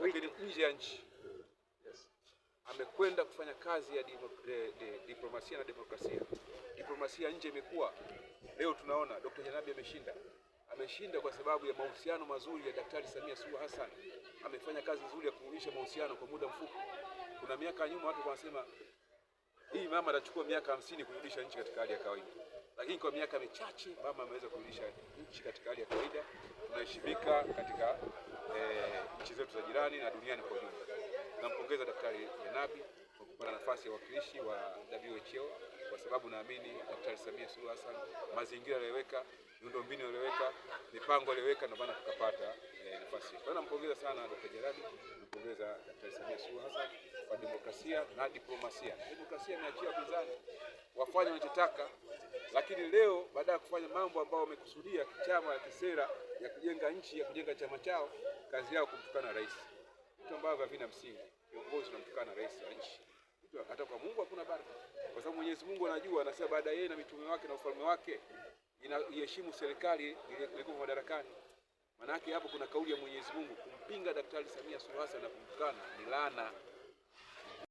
lakini nje ya nchi yes. Amekwenda kufanya kazi ya diplomasia na demokrasia. Diplomasia nje imekuwa leo, tunaona Dr. Janabi ameshinda, ameshinda kwa sababu ya mahusiano mazuri ya Daktari Samia Suluhu Hassan. Amefanya kazi nzuri ya kurudisha mahusiano kwa muda mfupi. Kuna miaka nyuma watu wanasema hii mama atachukua miaka hamsini kurudisha nchi katika hali ya kawaida, lakini kwa miaka michache mama ameweza kurudisha nchi katika hali ya kawaida. Tunaheshimika katika jirani na duniani kwa ujumla. Nampongeza Daktari Janabi kwa kupata nafasi ya uwakilishi wa WHO kwa sababu naamini Daktari Samia Suluhu Hassan, mazingira miundo miundombinu yaliyoweka, mipango aliyoweka, ndio maana tukapata eh, nafasi. Kwa hiyo nampongeza sana Daktari Janabi, nampongeza Daktari Samia Suluhu Hassan kwa demokrasia na diplomasia. Demokrasia inaachia wapinzani wafanye wanachotaka lakini leo baada ya kufanya mambo ambayo wamekusudia chama ya kisera ya kujenga nchi ya kujenga chama chao, kazi yao kumtukana rais, vitu ambavyo havina msingi. Viongozi tunamtukana rais wa nchi, hata kwa Mungu hakuna baraka, kwa sababu Mwenyezi Mungu anajua, anasema baada yeye na mitume wake na ufalme wake inaiheshimu serikali ilikuwa madarakani. Maanake hapo kuna kauli ya Mwenyezi Mungu kumpinga Daktari Samia Suluhu Hassan na kumtukana ni laana.